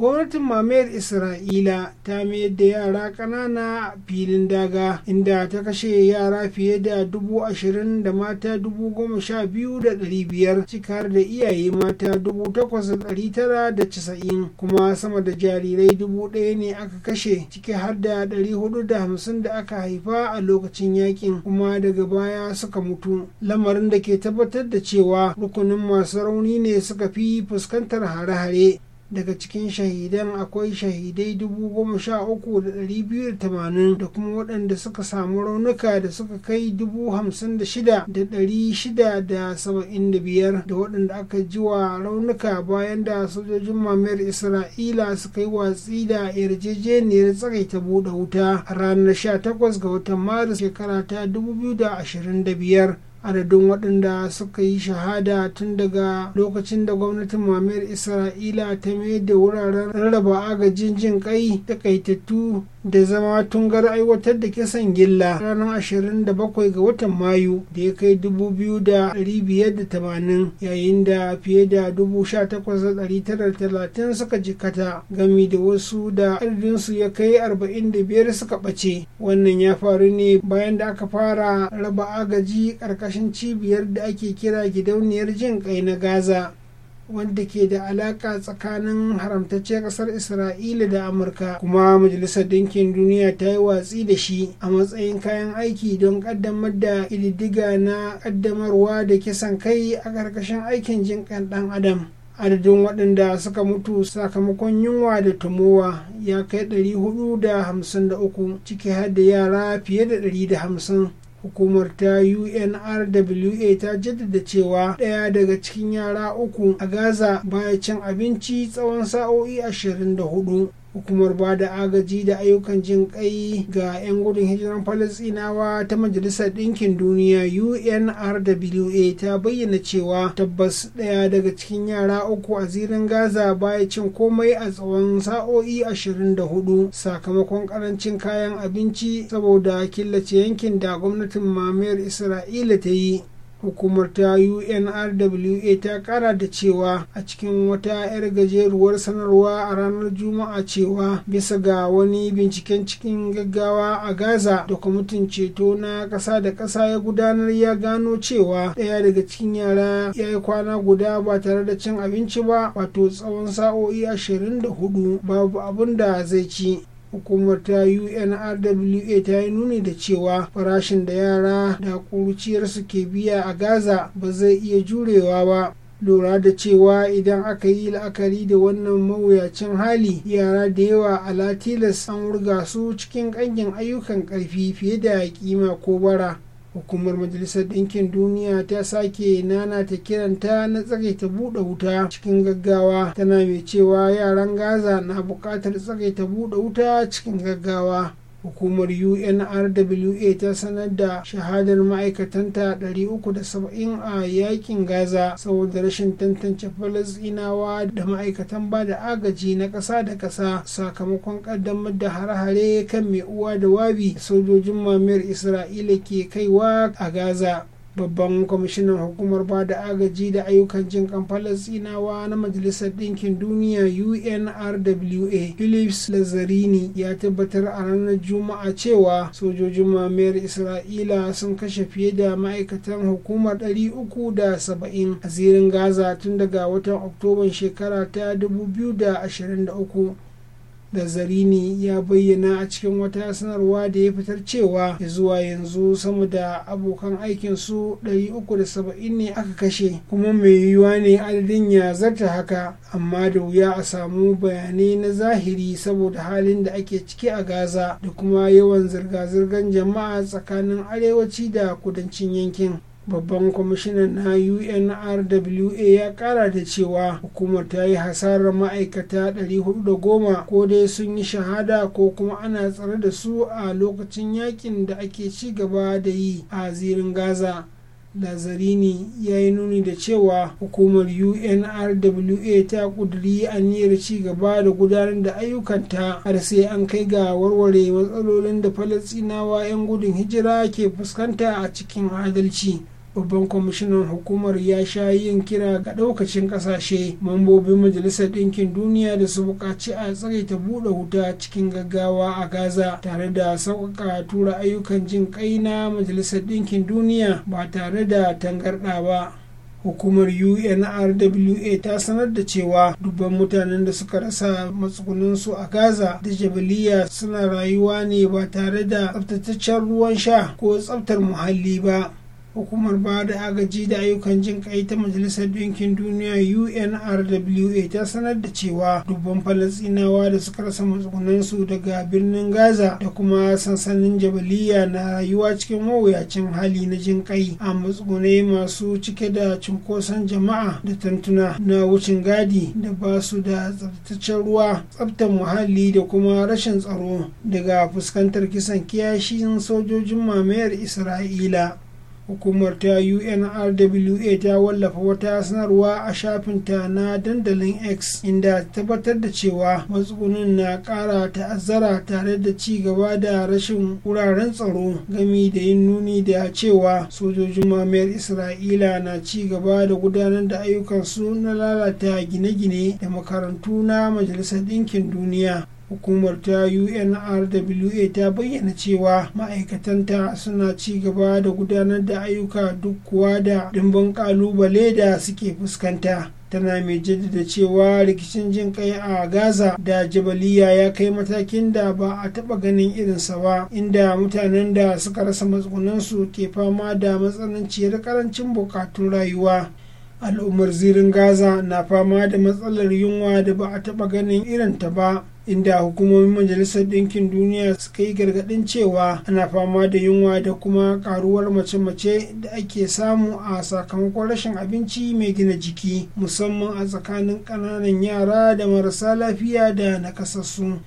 gwamnatin mamayar isra'ila ta mayar da yara ƙanana a filin daga inda ta kashe yara fiye da dubu ashirin da mata dubu goma sha biyu da ɗari biyar cikar da iyaye mata dubu takwas da ɗari tara da casa'in kuma sama da jarirai dubu ɗaya ne aka kashe ciki har da ɗari hudu da hamsin da aka haifa a lokacin yakin kuma daga baya suka mutu lamarin da ke tabbatar da cewa rukunin masu rauni ne suka fi fuskantar hare-hare daga cikin shahidan akwai shahidai 13,280 da kuma waɗanda suka samu raunuka da suka kai dubu hamsin da da waɗanda aka ji wa raunuka bayan da sojojin mamayar isra'ila suka yi watsi da yarjejeniyar ta buɗe wuta ranar sha takwas ga watan maris shekara ta dubu biyu da da ashirin biyar. adadin waɗanda suka yi shahada tun daga lokacin da gwamnatin mamayar isra'ila ta mayar da wuraren rarraba agajin jin kai takaitattu da zama tungar aiwatar da kisan gilla ranar 27 ga watan mayu da ya kai 2,580 yayin da fiye da 18,930 suka jikata gami da wasu da adadinsu ya kai 45 suka ɓace wannan ya faru ne bayan da aka fara raba agaji ƙarƙashin cibiyar da ake kira gidauniyar jin ƙai na gaza Wanda ke da alaka tsakanin haramtaccen kasar isra'ila da amurka kuma majalisar ɗinkin duniya ta yi watsi da shi a matsayin kayan aiki don ƙaddamar da ƙididdiga na ƙaddamarwa da kisan kai a ƙarƙashin aikin jinƙan ɗan adam adadin waɗanda suka mutu sakamakon yunwa da tumowa ya kai 453 ciki har da yara fiye da 150 hukumar ta unrwa ta jaddada cewa ɗaya daga cikin yara uku a gaza baya cin abinci tsawon sa'o'i 24 hukumar ba da agaji da ayyukan jin kai ga 'yan gudun hijiran falasinawa ta majalisar ɗinkin duniya unrwa ta bayyana cewa tabbas ɗaya daga cikin yara uku a zirin gaza baya cin komai a tsawon sa'o'i 24 sakamakon ƙarancin kayan abinci saboda killace yankin da gwamnatin mamayar isra'ila ta yi hukumar ta unrwa ta kara da cewa a cikin wata 'yar gajeruwar sanarwa a ranar juma'a cewa bisa ga wani binciken cikin gaggawa a gaza da kwamitin ceto na ƙasa da ƙasa ya gudanar ya gano cewa ɗaya daga cikin yara ya yi kwana guda ba tare da cin abinci ba wato tsawon sa'o'i 24 babu abin da zai ci hukumar ta unrwa ta yi nuni da cewa farashin da yara da kuruciyarsu ke biya a gaza ba zai iya jurewa ba lura da cewa idan aka yi la'akari da wannan mawuyacin hali yara da yawa a latilas an wurga su cikin ƙangin ayyukan ƙarfi fiye da kima ko bara hukumar majalisar ɗinkin duniya ta sake nana ta kiranta na tsagaita buɗe wuta cikin gaggawa tana mai cewa yaran gaza na buƙatar tsagaita buɗe wuta cikin gaggawa hukumar unrwa ta sanar da shahadar ma'aikatanta 370 a yakin gaza saboda rashin tantance falasinawa da ma'aikatan ba da agaji na ƙasa da ƙasa sakamakon ƙaddamar da hare-hare kan mai uwa da wabi sojojin mamayar isra'ila ke kaiwa a gaza babban kwamishinan hukumar ba da agaji da ayyukan jin kan falasinawa na majalisar ɗinkin duniya unrwa philips lazarini ya tabbatar a ranar juma'a cewa sojojin mamayar isra'ila sun kashe fiye da ma'aikatan hukumar 370 a zirin gaza tun daga watan oktoban shekara ta 2023 Da zarini ya bayyana a cikin wata sanarwa da ya fitar cewa zuwa yanzu sama da abokan aikinsu 370 ne aka kashe kuma mai yiwuwa ne adadin ya zarta haka amma da wuya a samu bayanai na zahiri saboda halin da ake ciki a Gaza da kuma yawan zirga-zirgar jama'a tsakanin arewaci da kudancin yankin. babban kwamishinan na unrwa ya kara da cewa hukumar ta yi hasarar ma'aikata 410 ko dai sun yi shahada ko kuma ana tsare da su a lokacin yakin da ake ci gaba da yi a zirin gaza lazarini ya yi nuni da cewa hukumar unrwa ta kuduri aniyar ci gaba da gudanar da ayyukanta har sai an kai ga warware matsalolin da falasinawa 'yan gudun hijira ke fuskanta a cikin adalci babban kwamishinan hukumar ya sha yin kira ga daukacin kasashe mambobin majalisar ɗinkin duniya da su buƙaci a ta buɗe wuta cikin gaggawa a gaza tare da sauƙaƙa tura ayyukan jin kai na majalisar ɗinkin duniya ba tare da tangarɗa ba hukumar unrwa ta sanar da cewa dubban mutanen da suka rasa matsugunansu a gaza da jabaliya suna rayuwa ne ba tare da tsaftataccen ruwan sha ko tsaftar muhalli ba hukumar ba da agaji da ayyukan jin kai ta majalisar Dinkin duniya unrwa ta sanar da cewa dubban falasinawa da suka rasa matsugunansu daga birnin gaza da kuma sansanin jabaliya na rayuwa cikin mawuyacin hali na jin kai a matsugunai masu cike da cunkoson jama'a da tantuna na wucin gadi da ba su da tsabtaccen ruwa tsabtar muhalli da kuma rashin tsaro daga fuskantar kisan kiyashin sojojin mamayar isra'ila hukumar ta unrwa ta wallafa wata sanarwa a shafin ta na dandalin x inda tabbatar da cewa matsugunin na kara ta'azzara tare da ci gaba da rashin wuraren tsaro gami da yin nuni da cewa sojojin mamayar isra'ila na ci gaba da gudanar da ayyukansu na lalata gine-gine da makarantu na majalisar ɗinkin duniya hukumar ta unrwa ta bayyana cewa ma'aikatanta suna ci gaba da gudanar da ayyuka duk kuwa da dimbin kalubale da suke fuskanta tana mai jaddada cewa rikicin jin kai a gaza da jabaliya ya kai matakin da ba a taba ganin irinsa ba inda mutanen da suka rasa matsugunansu ke fama da matsananciyar karancin bukatun rayuwa al'ummar zirin gaza na fama da matsalar yunwa da ba a taɓa ganin irin ta ba inda hukumomin majalisar ɗinkin duniya suka yi gargaɗin cewa ana fama da yunwa da kuma karuwar mace-mace da ake samu a sakamakon rashin abinci mai gina jiki musamman a tsakanin ƙananan yara da marasa lafiya da nakasassu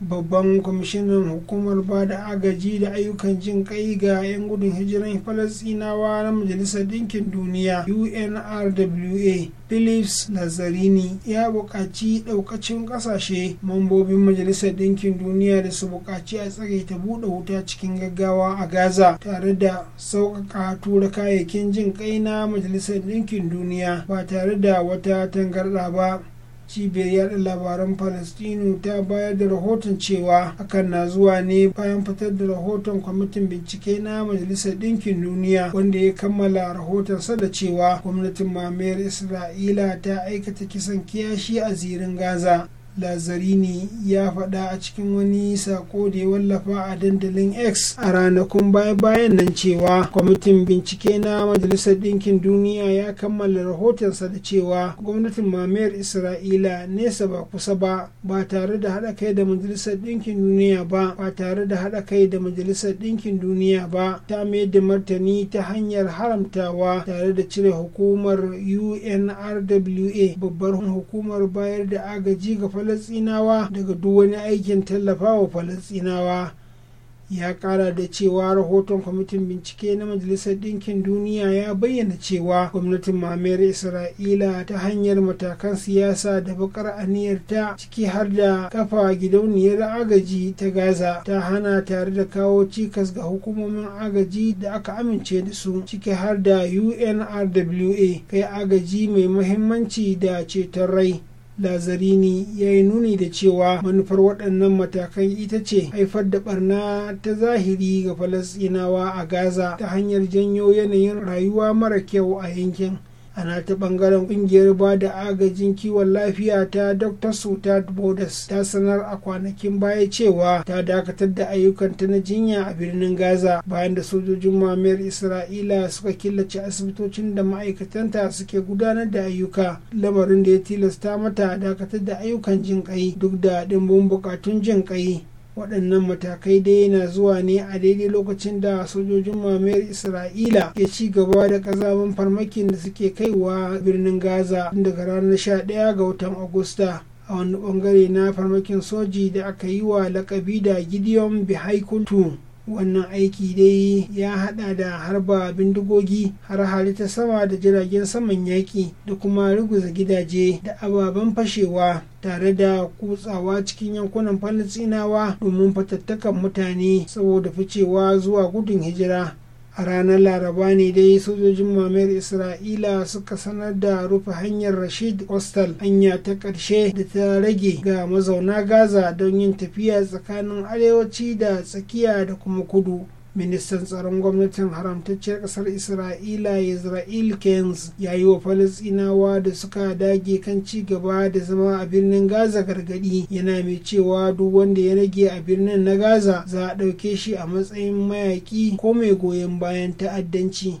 babban kwamishinan hukumar ba da agaji da ayyukan jin kai ga 'yan gudun hijiran falasinawa na majalisar Dinkin duniya unrwa philips nazarini ya buƙaci ɗaukacin ƙasashe mambobin majalisar Dinkin duniya da su buƙaci a tsare ta buɗe wuta cikin gaggawa a gaza tare da sauƙaƙa tura kayayyakin jin kai na majalisar Dinkin duniya ba tare da wata tangarɗa ba cibiyar labaran palestino ta bayar da rahoton cewa hakan na zuwa ne bayan fitar da rahoton kwamitin bincike na majalisar ɗinkin duniya wanda ya kammala rahoton sa da cewa gwamnatin mamayar isra'ila ta aikata kisan kiyashi a zirin gaza lazarini ya faɗa a cikin wani sako da ya wallafa a dandalin x a ranakun baya-bayan nan cewa kwamitin bincike na majalisar ɗinkin duniya ya kammala rahotonsa da cewa gwamnatin mamayar isra'ila nesa ba kusa ba ba tare da haɗa kai da majalisar ɗinkin duniya ba ba tare da haɗa kai da majalisar ɗinkin duniya ba ta mai da martani ta hanyar haramtawa tare da cire hukumar unrwa babbar hukumar bayar da agaji ga falasinawa daga duk wani aikin tallafawa falasinawa ya kara da cewa rahoton kwamitin bincike na majalisar ɗinkin duniya ya bayyana cewa gwamnatin mamayar isra'ila ta hanyar matakan siyasa da bakar aniyarta ciki har da kafa gidauniyar agaji ta gaza ta hana tare da kawo cikas ga hukumomin agaji da aka amince da su ciki har da unrwa kai agaji mai muhimmanci da ceton rai lazarini ya yi nuni da cewa manufar waɗannan matakan ita ce haifar da barna ta zahiri ga Falasinawa a gaza ta hanyar janyo yanayin rayuwa mara kyau a yankin Ana ta bangaren kungiyar ba da agajin kiwon lafiya ta dr sutad bodas ta sanar a kwanakin baya cewa ta dakatar da ayyukanta na jinya a birnin gaza bayan da sojojin mamayar isra'ila suka killace asibitocin da ma'aikatanta suke gudanar da ayyuka lamarin da ya tilasta mata dakatar da ayyukan jin duk da dimbin bukatun jin waɗannan matakai dai yana zuwa ne a daidai lokacin da sojojin mamayar isra'ila ke ci gaba da ƙazamin farmakin da suke kaiwa birnin gaza daga ranar 11 ga watan agusta a wani ɓangare na farmakin soji da aka yi wa lakabi da gideon bihaikuntu wannan aiki dai ya hada da harba bindigogi har hali ta sama da jiragen saman yaƙi da kuma ruguza gidaje da ababen fashewa tare da kutsawa cikin yankunan falastinawa domin fatattakan mutane saboda ficewa zuwa gudun hijira a ranar laraba ne dai sojojin mamayar isra'ila suka sanar da rufe hanyar rashid hostel hanya ta ƙarshe da ta rage ga mazauna gaza don yin tafiya tsakanin arewaci da tsakiya da kuma kudu ministan tsaron gwamnatin haramtacciyar kasar isra'ila Isra'il kenz ya yi wa falasinawa da suka dage kan ci gaba da zama a birnin gaza gargadi yana mai cewa duk wanda ya rage a birnin na gaza za a ɗauke shi a matsayin mayaƙi ko mai goyon bayan ta'addanci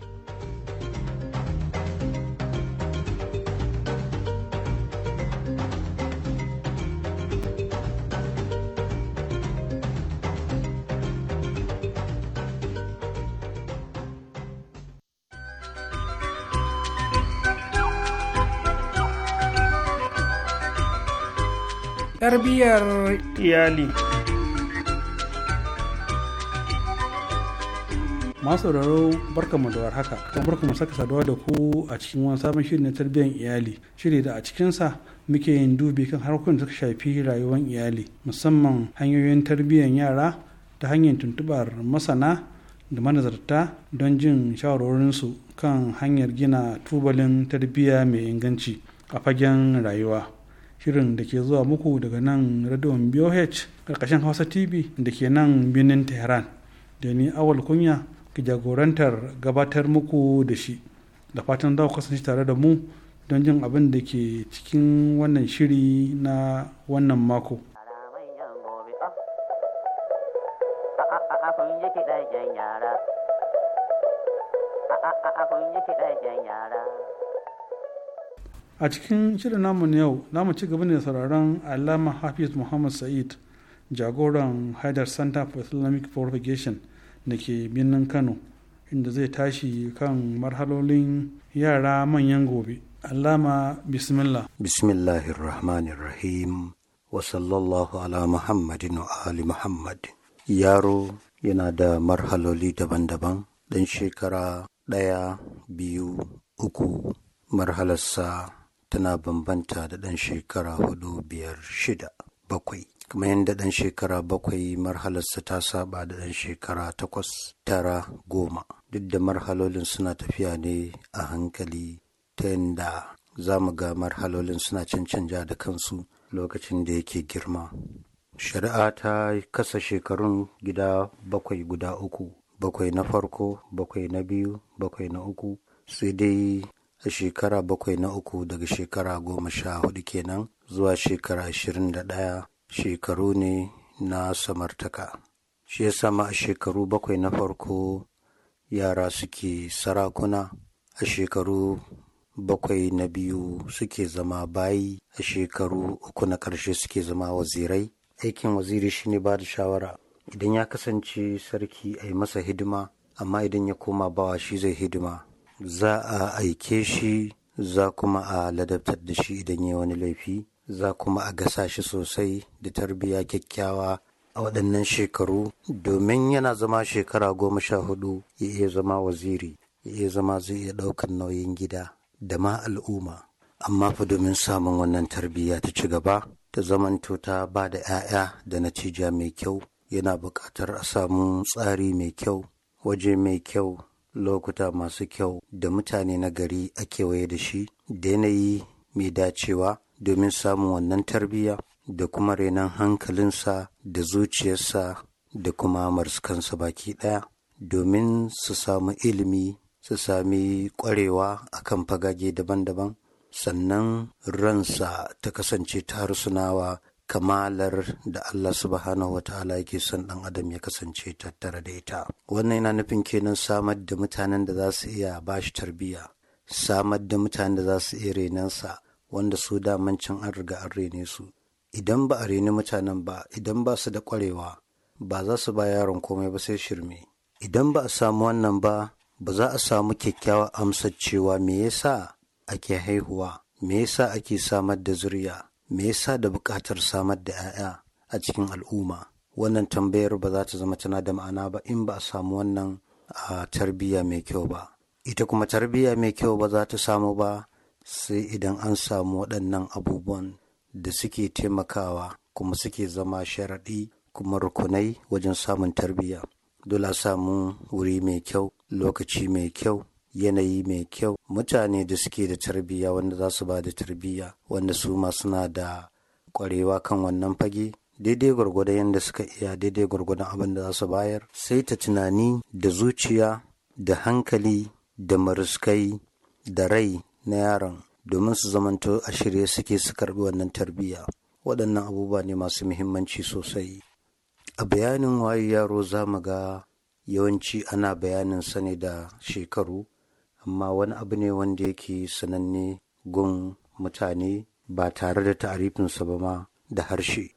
tarbiyyar iyali masu sauraro barkamu da haka kuma mu saka saduwa da ku a cikin wani sabon shiri na tarbiyyar iyali shiri da a cikinsa muke yin dubi kan harkokin da suka shafi rayuwar iyali musamman hanyoyin tarbiyyar yara ta hanyar tuntubar masana da manazarta don jin shawarorinsu kan hanyar gina tubalin tarbiyya mai inganci a fagen rayuwa shirin da ke zuwa muku daga nan radion BOH karkashin Hausa TV da ke nan birnin Tehran da ni awal kunya ke jagorantar gabatar muku da shi da fatan za ku kasance tare da mu don jin abin da ke cikin wannan shiri na wannan mako. yara. a cikin shirin namu na yau namu ci gaba ne sauraron alama hafiz muhammad sa'id jagoran haidar center for islamic propagation da ke birnin kano inda zai tashi kan marhalolin yara manyan gobe alama bismillah bismillahirrahmanirrahim wa sallallahu ala muhammadin wa ali muhammad yaro yana da marhaloli daban-daban dan shekara ɗaya biyu uku marhalarsa tana bambanta da ɗan shekara hudu biyar shida bakwai kuma yadda ɗan shekara bakwai marhalarsa ta saba da ɗan shekara takwas tara goma duk da marhalolin suna tafiya ne a hankali ta yadda za mu ga marhalolin suna cancanja da kansu lokacin da yake girma shari'a ta kasa shekarun gida bakwai guda uku bakwai na farko bakwai na biyu bakwai na uku sai dai a shekara bakwai na uku daga shekara goma sha hudu kenan zuwa shekara ashirin da ɗaya shekaru ne na samartaka shi ya sama a shekaru bakwai na farko yara suke sarakuna a shekaru bakwai na biyu suke zama bayi a shekaru uku na ƙarshe suke zama wazirai aikin waziri shine ba da shawara idan ya kasance sarki a yi masa hidima amma idan ya koma bawa shi zai hidima za a aike shi za kuma a ladabtar da shi idan ya wani laifi za kuma a gasa shi sosai da tarbiyya kyakkyawa a waɗannan shekaru domin yana zama shekara goma sha hudu ya iya zama waziri ya iya zama zai iya ɗaukar nauyin gida da ma al'umma amma fa domin samun wannan tarbiyya ta ci gaba ta zamanto ta ba da 'ya'ya da natija mai kyau yana buƙatar a samu tsari mai kyau waje mai kyau lokuta masu kyau da mutane na gari a kewaye da shi da yanayi mai dacewa domin samun wannan tarbiyya da kuma renon hankalinsa da zuciyarsa da kuma marskansa baki ɗaya domin su samu ilimi su sami ƙwarewa a kan fagage daban-daban sannan ransa ta kasance ta harsunawa kamalar da Allah subhanahu wataala yake son ɗan adam ya kasance tattare da ita wannan yana nufin kenan samar da mutanen da za su iya bashi tarbiyya samar da mutanen da za su iya renansa wanda su cin an riga an rene su idan ba a reni mutanen ba idan ba su da ƙwarewa ba za su ba yaron komai ba sai shirme idan ba a samu wannan ba ba za a samu kyakkyawar amsar cewa me yasa ake haihuwa me yasa ake samar da zuriya me yasa da buƙatar samar da 'ya'ya a cikin al'umma wannan tambayar ba za ta zama tana da ma'ana ba in ba a samu wannan a tarbiyya mai kyau ba ita kuma tarbiyya mai kyau ba za ta samu ba sai idan an samu waɗannan abubuwan da suke taimakawa kuma suke zama sharaɗi kuma rukunai wajen samun tarbiyya dole a samu wuri mai kyau lokaci mai kyau yanayi mai kyau mutane da suke da tarbiya wanda za su ba da tarbiyya wanda su ma suna da kwarewa kan wannan fage daidai gwargwadon yadda suka iya daidai gwargwadon abin da za su bayar sai ta tunani da zuciya da hankali da maruskai da rai na yaron domin su zamanto a shirye suke su karbi wannan tarbiya waɗannan abubuwa ne masu muhimmanci sosai a bayanin waye yaro za mu ga yawanci ana bayanin sa ne da shekaru amma wani abu ne wanda yake sananne gun mutane ba tare da ta'arifinsa ba ma da harshe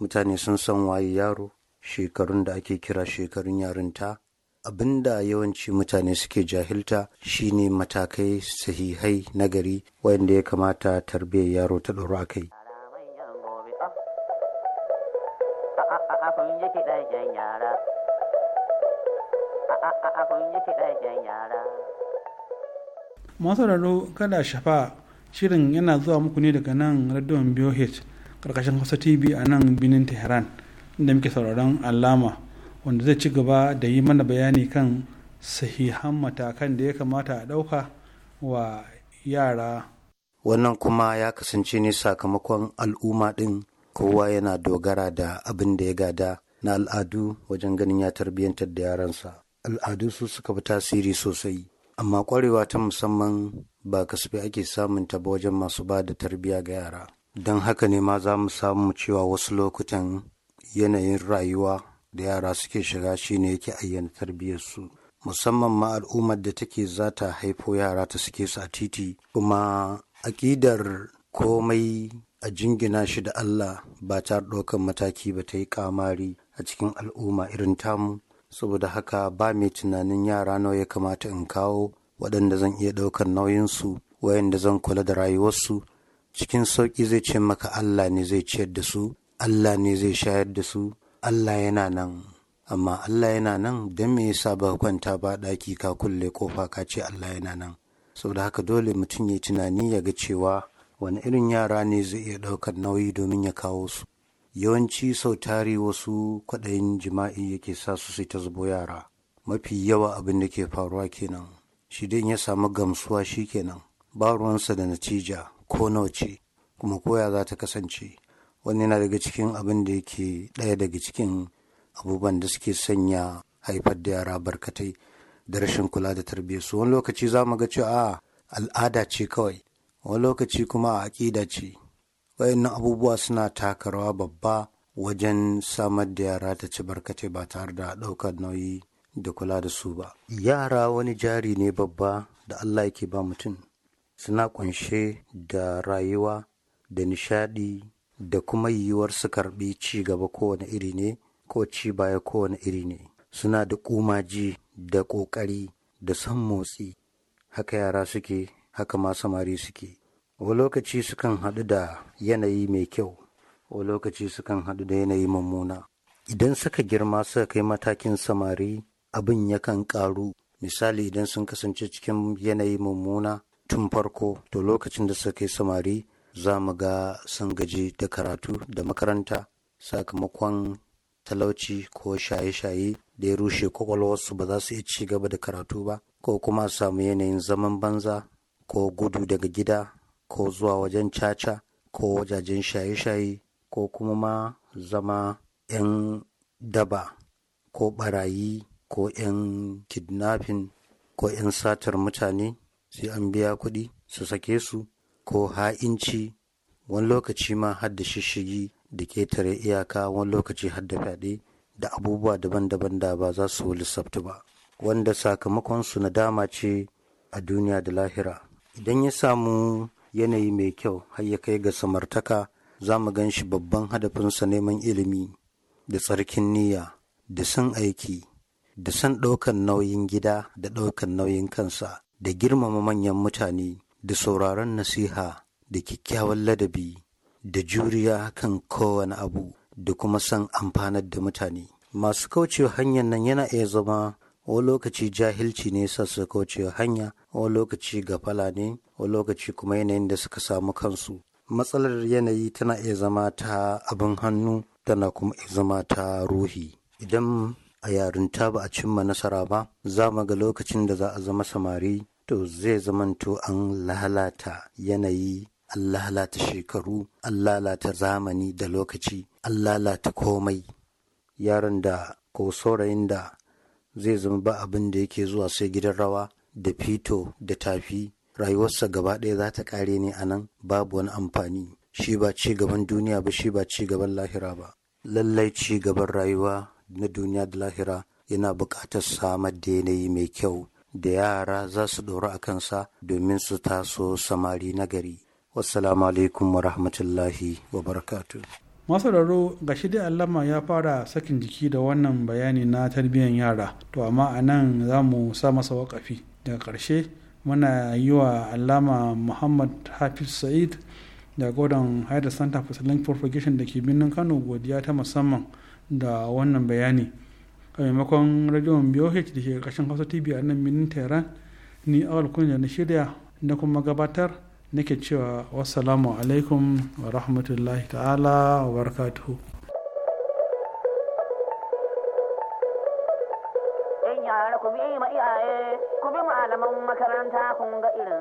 mutane sun san waye yaro shekarun da ake kira shekarun yarinta abin da yawanci mutane suke jahilta shine matakai sahihai nagari wanda ya kamata tarbiyyar yaro ta ɗora kai yara masararo kada shafa shirin yana zuwa muku ne daga nan radon BOH karkashin Hausa TV a nan binin Tehran inda muke sauraron alama wanda zai ci gaba da yi mana bayani kan sahihan matakan da ya kamata a ɗauka wa yara. Wannan kuma ya kasance ne sakamakon al'umma ɗin kowa yana dogara da abin da ya gada na al'adu wajen ganin ya tarbiyyantar da yaransa. Al'adu su suka fi tasiri sosai. amma ƙwarewa ta musamman ba kasafai ake samun ta wajen masu ba da tarbiyya ga yara don haka ne ma za mu samu cewa wasu lokutan yanayin rayuwa da yara suke shiga shine yake ayyana tarbiyyarsu musamman ma al'ummar da take za ta haifo yara ta suke su a titi kuma aƙidar komai a jingina shi da Allah ba ta ɗaukan mataki ba ta yi ƙamari a cikin al'umma irin tamu saboda haka ba mai tunanin yara nawa ya kamata in kawo waɗanda zan iya ɗaukar nauyinsu wayanda zan kula da rayuwarsu cikin sauƙi zai ce maka Allah ne zai ciyar da su Allah ne zai shayar da su Allah yana nan amma Allah yana nan don me yasa ba kwanta ba ɗaki ka kulle kofa ka ce Allah yana nan saboda haka dole mutum ya tunani ya ga cewa wani irin yara ne zai iya ɗaukar nauyi domin ya kawo su yawanci sau tari wasu kwaɗayin jima'i yake sa su sai ta zubo yara mafi yawa abin da ke faruwa kenan shi dai ya samu gamsuwa shi kenan ba ruwansa da natija ko nawa ce kuma koya za ta kasance wani yana daga cikin abin da yake ɗaya daga cikin abubuwan da suke sanya haifar da yara barkatai da rashin kula da su. wani lokaci za mu ga cewa al'ada ce kawai wani lokaci kuma a aƙida ce wayannan abubuwa suna taka babba wajen samar da yara ta ci barkace ba tare da ɗaukar nauyi da kula da su ba. Yara wani jari ne babba da Allah yake ba mutum. Suna kunshe da rayuwa da nishaɗi da kuma yiwuwar su karɓi ci gaba kowane iri ne ko ci baya kowane iri ne. Suna da kumaji da ƙoƙari da son motsi. Haka yara suke, haka ma samari suke. wa lokaci sukan haɗu da yanayi mai kyau wa lokaci sukan haɗu da yanayi mummuna idan suka girma suka kai matakin samari abin yakan ƙaru misali idan sun kasance cikin yanayi mummuna tun farko to lokacin da suka kai samari za mu ga sun gaji da karatu da makaranta sakamakon talauci ko shaye-shaye da ya rushe kwakwalwarsu ba za su iya ci gaba da karatu ba ko kuma samu yanayin zaman banza ko gudu daga gida ko zuwa wajen caca ko wajajen shaye-shaye ko kuma ma zama 'yan daba ko barayi ko 'yan kidnapping ko 'yan satar mutane sai an biya kuɗi su sake su ko ha'inci wani lokaci ma har shishigi da ketare iyaka wani lokaci har fyaɗe da abubuwa daban-daban da ba za su lissafta ba wanda sakamakonsu nadama ce a duniya da lahira idan ya samu yanayi mai kyau har ya kai ga samartaka za mu gan shi babban hadafinsa neman ilimi da tsarkin niyya da san aiki da san ɗaukan nauyin gida da ɗaukan nauyin kansa da girmama manyan mutane da sauraron nasiha da kyakkyawan ladabi da juriya kan kowane abu da kuma san amfanar da mutane masu kaucewa hanyar nan yana iya zama o lokaci jahilci ne sa su wa hanya o lokaci gafala ne o lokaci kuma yanayin da suka samu kansu matsalar yanayi tana iya zama ta abin hannu tana kuma iya zama ta ruhi idan a yarinta ba a cimma nasara ba za mu ga lokacin da za a zama samari to zai zamanto an lalata yanayi an lalata shekaru an lalata zamani da lokaci an lalata komai yaron da ko saurayin da zai zama ba abin da yake zuwa sai gidan rawa da fito da tafi rayuwarsa gaba ɗaya za ta ƙare ne a nan babu wani amfani shi ba ci gaban duniya ba shi ba ci gaban lahira ba lallai ci gaban rayuwa na duniya da lahira yana buƙatar samar da yanayi mai kyau da yara za su ɗora a kansa domin su taso samari nagari. Wassalamu alaikum wa rahmatullahi wa barakatu. masararro ga shi dai allama ya fara sakin jiki da wannan bayani na tarbiyyar yara to amma a nan za mu sa masa wakafi daga ƙarshe muna yi wa allama muhammad hafiz sa'id da gordon haida santa for link propagation da ke birnin kano godiya ta musamman da wannan bayani a maimakon rajon boh da ke ƙarshen hausa tv a nan birnin tehran ni awal kunya na shirya na kuma gabatar nake cewa wasalamu alaikum wa rahmatullahi ta'ala wa barakatuhu ku bi ma iyaye ku bi malaman makaranta kun ga irin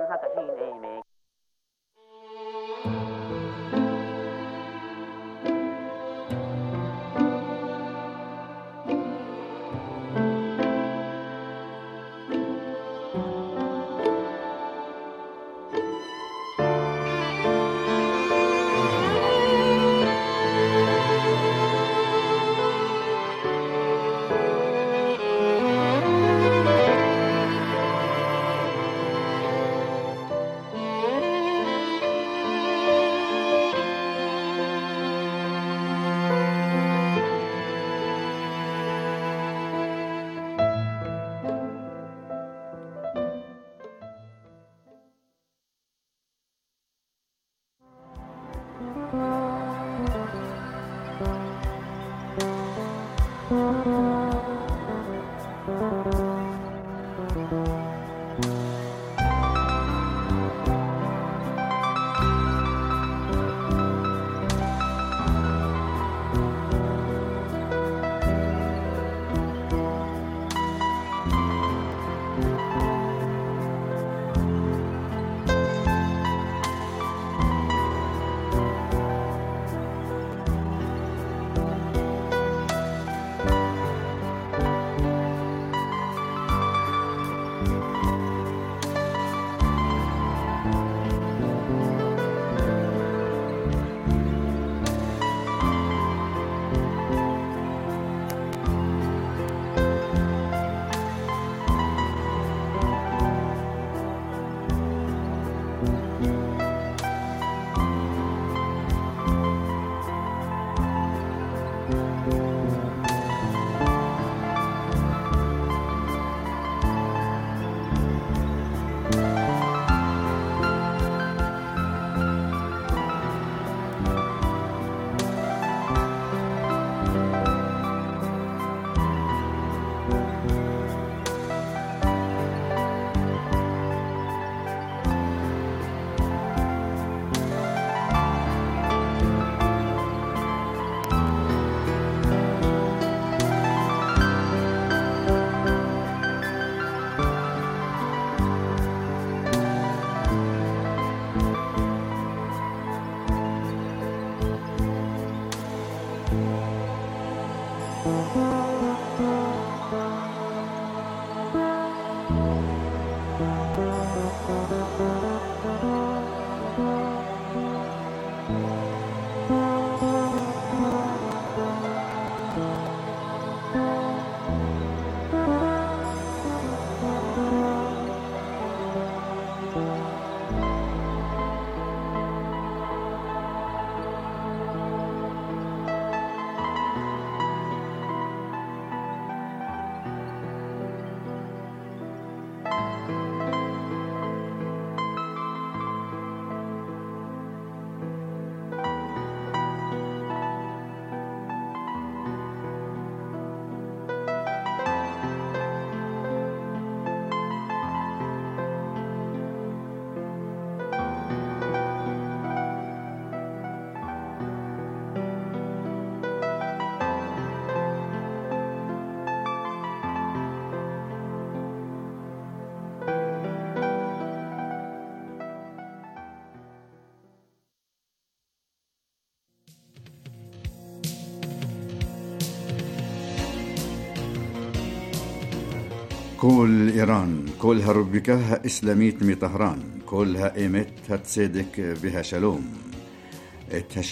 كل إيران كلها ربكها إسلاميت مي طهران كلها إيمت هتصدق بها شلوم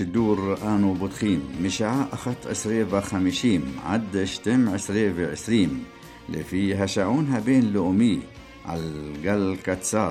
الدور آنو بطخيم مشاع أخت اسريفا وخمشيم عد شتم اسريفا وعسريم لفي هشعونها بين لؤمي على الجل كتسار